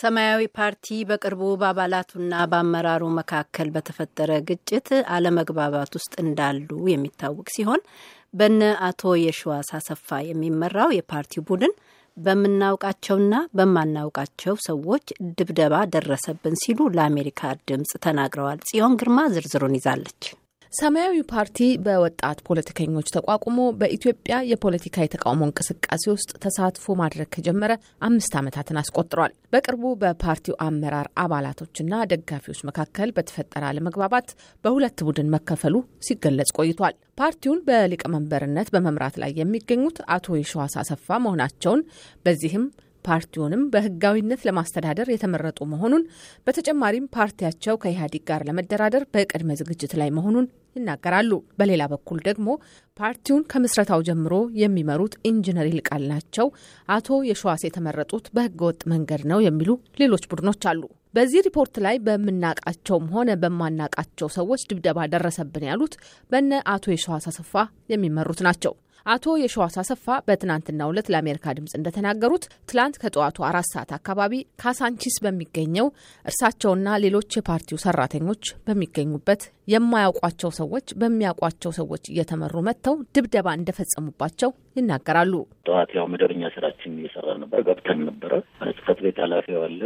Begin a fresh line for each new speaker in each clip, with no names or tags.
ሰማያዊ ፓርቲ በቅርቡ በአባላቱና በአመራሩ መካከል በተፈጠረ ግጭት አለመግባባት ውስጥ እንዳሉ የሚታወቅ ሲሆን በነ አቶ የሸዋስ አሰፋ የሚመራው የፓርቲው ቡድን በምናውቃቸውና በማናውቃቸው ሰዎች ድብደባ ደረሰብን ሲሉ ለአሜሪካ ድምፅ ተናግረዋል። ጽዮን ግርማ ዝርዝሩን ይዛለች። ሰማያዊ ፓርቲ በወጣት ፖለቲከኞች ተቋቁሞ በኢትዮጵያ የፖለቲካ የተቃውሞ እንቅስቃሴ ውስጥ ተሳትፎ ማድረግ ከጀመረ አምስት ዓመታትን አስቆጥሯል። በቅርቡ በፓርቲው አመራር አባላቶችና ደጋፊዎች መካከል በተፈጠረ አለመግባባት በሁለት ቡድን መከፈሉ ሲገለጽ ቆይቷል። ፓርቲውን በሊቀመንበርነት በመምራት ላይ የሚገኙት አቶ የሸዋስ አሰፋ መሆናቸውን በዚህም ፓርቲውንም በህጋዊነት ለማስተዳደር የተመረጡ መሆኑን በተጨማሪም ፓርቲያቸው ከኢህአዴግ ጋር ለመደራደር በቅድመ ዝግጅት ላይ መሆኑን ይናገራሉ። በሌላ በኩል ደግሞ ፓርቲውን ከምስረታው ጀምሮ የሚመሩት ኢንጂነር ይልቃል ናቸው። አቶ የሸዋስ የተመረጡት በህገወጥ መንገድ ነው የሚሉ ሌሎች ቡድኖች አሉ። በዚህ ሪፖርት ላይ በምናቃቸውም ሆነ በማናቃቸው ሰዎች ድብደባ ደረሰብን ያሉት በነ አቶ የሸዋስ አሰፋ የሚመሩት ናቸው። አቶ የሸዋስ አሰፋ በትናንትናው ዕለት ለአሜሪካ ድምጽ እንደተናገሩት ትላንት ከጠዋቱ አራት ሰዓት አካባቢ ካሳንቺስ በሚገኘው እርሳቸውና ሌሎች የፓርቲው ሰራተኞች በሚገኙበት የማያውቋቸው ሰዎች በሚያውቋቸው ሰዎች እየተመሩ መጥተው ድብደባ እንደፈጸሙባቸው ይናገራሉ።
ጠዋት ያው መደበኛ ስራችን እየሰራ ነበር። ገብተን ነበረ። ጽህፈት ቤት ኃላፊው አለ፣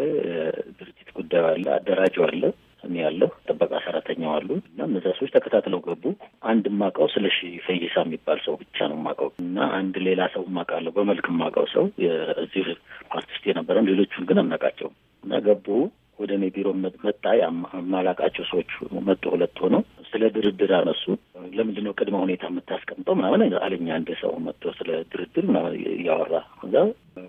ድርጅት ጉዳዩ አለ፣ አደራጅ አለ እኔ ያለሁ ጥበቃ ሰራተኛው አሉ እና እነዛ ሰዎች ተከታትለው ገቡ። አንድ ማቀው ስለሺ ፈይሳ የሚባል ሰው ብቻ ነው ማቀው እና አንድ ሌላ ሰው ማቃለሁ በመልክ ማቀው ሰው እዚህ አርቲስት የነበረን ሌሎቹን ግን አናቃቸው እና ገቡ ወደ እኔ ቢሮ መጣ። የማላቃቸው ሰዎች መጡ። ሁለት ሆነው ስለ ድርድር አነሱ። ለምንድን ነው ቅድመ ሁኔታ የምታስቀምጠው ምናምን አለኝ። አንድ ሰው መጥቶ ስለ ድርድር እያወራ እዛ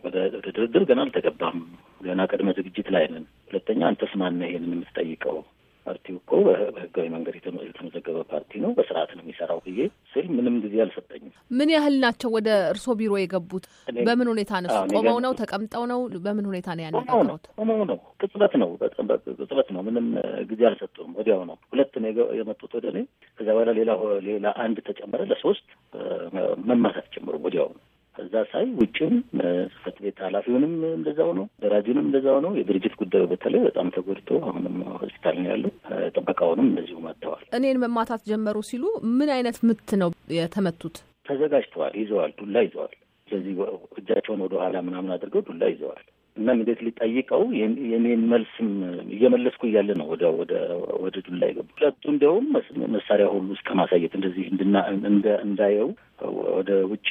ወደ ድርድር ገና አልተገባም፣ ገና ቅድመ ዝግጅት ላይ ነን ሁለተኛ አንተስ ማነህ ይሄንን የምትጠይቀው? ፓርቲው እኮ በህጋዊ መንገድ የተመዘገበ ፓርቲ ነው፣ በስርዓት ነው የሚሰራው ብዬ ስል ምንም ጊዜ አልሰጠኝም።
ምን ያህል ናቸው ወደ እርሶ ቢሮ የገቡት? በምን ሁኔታ ነው? ቆመው ነው? ተቀምጠው ነው? በምን ሁኔታ ነው ያነጋገሩት?
ቆመው ነው። ቅጽበት ነው፣ ቅጽበት ነው። ምንም ጊዜ አልሰጡም። ወዲያው ነው። ሁለት ነው የመጡት ወደ እኔ። ከዚያ በኋላ ሌላ ሌላ አንድ ተጨመረ። ለሶስት መማታት ጀምሩ ወዲያው ነው ከዛ ሳይ ውጭም ጽፈት ቤት ኃላፊውንም እንደዛው ነው፣ ደራጁንም እንደዛው ነው። የድርጅት ጉዳዩ በተለይ በጣም ተጎድቶ አሁንም ሆስፒታል ነው ያለው። ጥበቃውንም እንደዚሁ መጥተዋል።
እኔን መማታት ጀመሩ ሲሉ ምን አይነት ምት ነው የተመቱት?
ተዘጋጅተዋል፣ ይዘዋል፣ ዱላ ይዘዋል። ስለዚህ እጃቸውን ወደ ኋላ ምናምን አድርገው ዱላ ይዘዋል። እና እንዴት ሊጠይቀው የኔን መልስም እየመለስኩ እያለ ነው ወደ ወደ ወደ ዱላ የገቡ ሁለቱ እንዲያውም መሳሪያ ሁሉ እስከ ማሳየት እንደዚህ እንድና እንዳየው ወደ ውጭ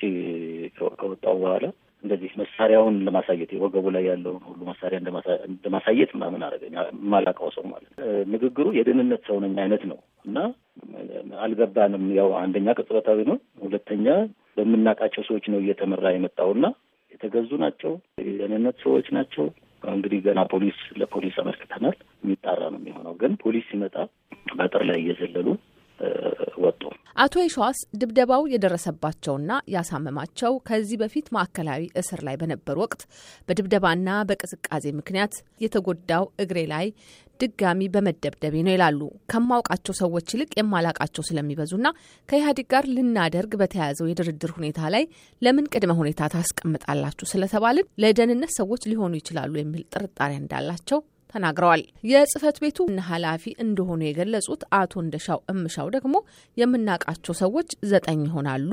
ከወጣው በኋላ እንደዚህ መሳሪያውን ለማሳየት ወገቡ ላይ ያለውን ሁሉ መሳሪያ እንደማሳየት ምናምን አደረገኝ። የማላውቀው ሰው ማለት ንግግሩ የደህንነት ሰው ነኝ አይነት ነው እና አልገባንም። ያው አንደኛ ቅጽበታዊ ነው፣ ሁለተኛ በምናውቃቸው ሰዎች ነው እየተመራ የመጣውና የተገዙ ናቸው፣ የደህንነት ሰዎች ናቸው። እንግዲህ ገና ፖሊስ ለፖሊስ አመልክተናል፣ የሚጣራ ነው የሚሆነው። ግን ፖሊስ ሲመጣ በአጥር ላይ እየዘለሉ ወጡ።
አቶ ይሸዋስ ድብደባው የደረሰባቸውና ያሳመማቸው ከዚህ በፊት ማዕከላዊ እስር ላይ በነበሩ ወቅት በድብደባና በቅዝቃዜ ምክንያት የተጎዳው እግሬ ላይ ድጋሚ በመደብደቤ ነው ይላሉ። ከማውቃቸው ሰዎች ይልቅ የማላቃቸው ስለሚበዙና ከኢህአዴግ ጋር ልናደርግ በተያያዘው የድርድር ሁኔታ ላይ ለምን ቅድመ ሁኔታ ታስቀምጣላችሁ ስለተባልን ለደህንነት ሰዎች ሊሆኑ ይችላሉ የሚል ጥርጣሬ እንዳላቸው ተናግረዋል። የጽህፈት ቤቱ ኃላፊ እንደሆኑ የገለጹት አቶ እንደሻው እምሻው ደግሞ የምናቃቸው ሰዎች ዘጠኝ ይሆናሉ፣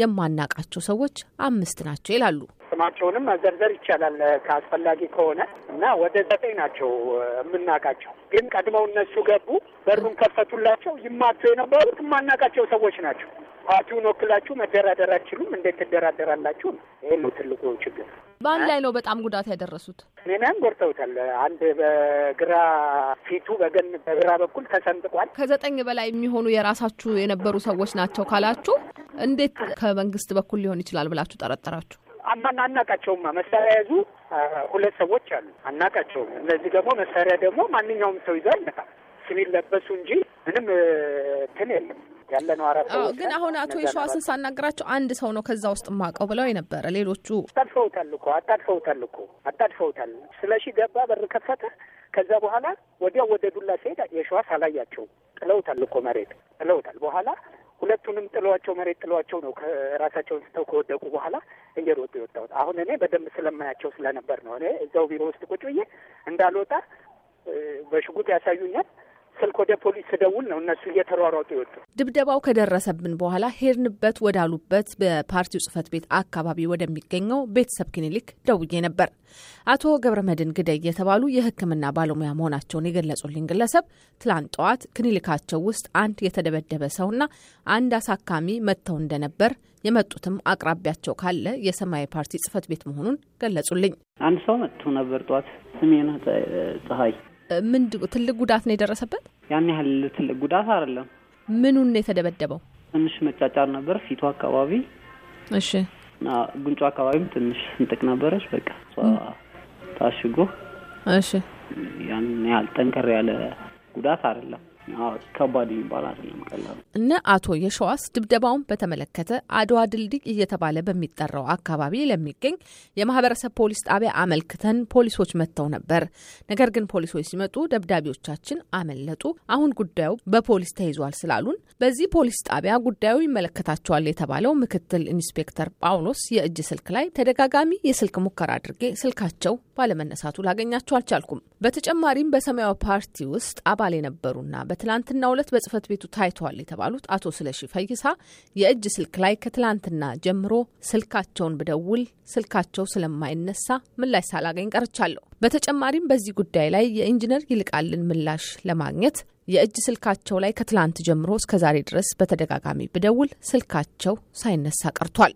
የማናቃቸው ሰዎች አምስት ናቸው ይላሉ።
ስማቸውንም መዘርዘር ይቻላል ከአስፈላጊ ከሆነ እና ወደ ዘጠኝ ናቸው የምናቃቸው። ግን ቀድመው እነሱ ገቡ፣ በሩን ከፈቱላቸው። ይማቱ የነበሩት የማናቃቸው ሰዎች ናቸው። ፓርቲውን ወክላችሁ መደራደር አችሉም፣ እንዴት ትደራደራላችሁ? ይህ ነው ትልቁ ችግር።
በአንድ ላይ ነው በጣም ጉዳት ያደረሱት።
ኔናን ጎርተውታል። አንድ በግራ ፊቱ በገን በግራ በኩል ተሰንጥቋል።
ከዘጠኝ በላይ የሚሆኑ የራሳችሁ የነበሩ ሰዎች ናቸው ካላችሁ እንዴት ከመንግስት በኩል ሊሆን ይችላል ብላችሁ ጠረጠራችሁ?
አማና አናቃቸውማ መሳሪያ ያዙ ሁለት ሰዎች አሉ። አናቃቸውም። እነዚህ ደግሞ መሳሪያ ደግሞ ማንኛውም ሰው ይዞ አይነካም። ሲቪል ለበሱ እንጂ ምንም እንትን የለም። ያለነው አራት ሰዎች ግን አሁን አቶ የሸዋስን
ሳናገራቸው አንድ ሰው ነው ከዛ ውስጥ ማቀው ብለው የነበረ ሌሎቹ
አጣድፈውታል እኮ አጣድፈውታል እኮ አጣድፈውታል። ስለሺ ገባ በር ከፈተ። ከዛ በኋላ ወዲያው ወደ ዱላ ሲሄድ የሸዋስ አላያቸው ጥለውታል እኮ መሬት ጥለውታል። በኋላ ሁለቱንም ጥለዋቸው መሬት ጥለዋቸው ነው ከራሳቸውን ስተው ከወደቁ በኋላ እየሮጡ የወጣሁት። አሁን እኔ በደንብ ስለማያቸው ስለነበር ነው። እኔ እዛው ቢሮ ውስጥ ቁጭ ብዬ እንዳልወጣ በሽጉጥ ያሳዩኛል። ስልክ ወደ ፖሊስ ደውል ነው እነሱ እየተሯሯጡ የወጡ።
ድብደባው ከደረሰብን በኋላ ሄድንበት ወዳሉበት በፓርቲው ጽህፈት ቤት አካባቢ ወደሚገኘው ቤተሰብ ክሊኒክ ደውዬ ነበር። አቶ ገብረ መድን ግደይ የተባሉ የሕክምና ባለሙያ መሆናቸውን የገለጹልኝ ግለሰብ ትላንት ጠዋት ክሊኒካቸው ውስጥ አንድ የተደበደበ ሰውና አንድ አሳካሚ መጥተው እንደነበር የመጡትም አቅራቢያቸው ካለ የሰማያዊ ፓርቲ ጽህፈት ቤት መሆኑን ገለጹልኝ።
አንድ ሰው መጥቶ ነበር ጠዋት። ስሜን ፀሐይ ምን ትልቅ
ጉዳት ነው የደረሰበት?
ያን ያህል ትልቅ ጉዳት አይደለም።
ምኑን ነው የተደበደበው?
ትንሽ መጫጫር ነበር ፊቱ አካባቢ። እሺ። ጉንጮ አካባቢም ትንሽ ስንጥቅ ነበረች። በቃ ታሽጎ። እሺ። ያን ያህል ጠንከር ያለ ጉዳት አይደለም። ከባድ የሚባል አይደለም፣ ቀላል።
እነ አቶ የሸዋስ ድብደባውን በተመለከተ አድዋ ድልድይ እየተባለ በሚጠራው አካባቢ ለሚገኝ የማህበረሰብ ፖሊስ ጣቢያ አመልክተን ፖሊሶች መጥተው ነበር። ነገር ግን ፖሊሶች ሲመጡ ደብዳቤዎቻችን አመለጡ። አሁን ጉዳዩ በፖሊስ ተይዟል ስላሉን በዚህ ፖሊስ ጣቢያ ጉዳዩ ይመለከታቸዋል የተባለው ምክትል ኢንስፔክተር ጳውሎስ የእጅ ስልክ ላይ ተደጋጋሚ የስልክ ሙከራ አድርጌ ስልካቸው ባለመነሳቱ ላገኛቸው አልቻልኩም። በተጨማሪም በሰማያዊ ፓርቲ ውስጥ አባል የነበሩና በትላንትና ዕለት በጽህፈት ቤቱ ታይተዋል የተባሉት አቶ ስለሺ ፈይሳ የእጅ ስልክ ላይ ከትላንትና ጀምሮ ስልካቸውን ብደውል ስልካቸው ስለማይነሳ ምላሽ ሳላገኝ ቀርቻለሁ። በተጨማሪም በዚህ ጉዳይ ላይ የኢንጂነር ይልቃልን ምላሽ ለማግኘት የእጅ ስልካቸው ላይ ከትላንት ጀምሮ እስከ ዛሬ ድረስ በተደጋጋሚ ብደውል ስልካቸው ሳይነሳ ቀርቷል።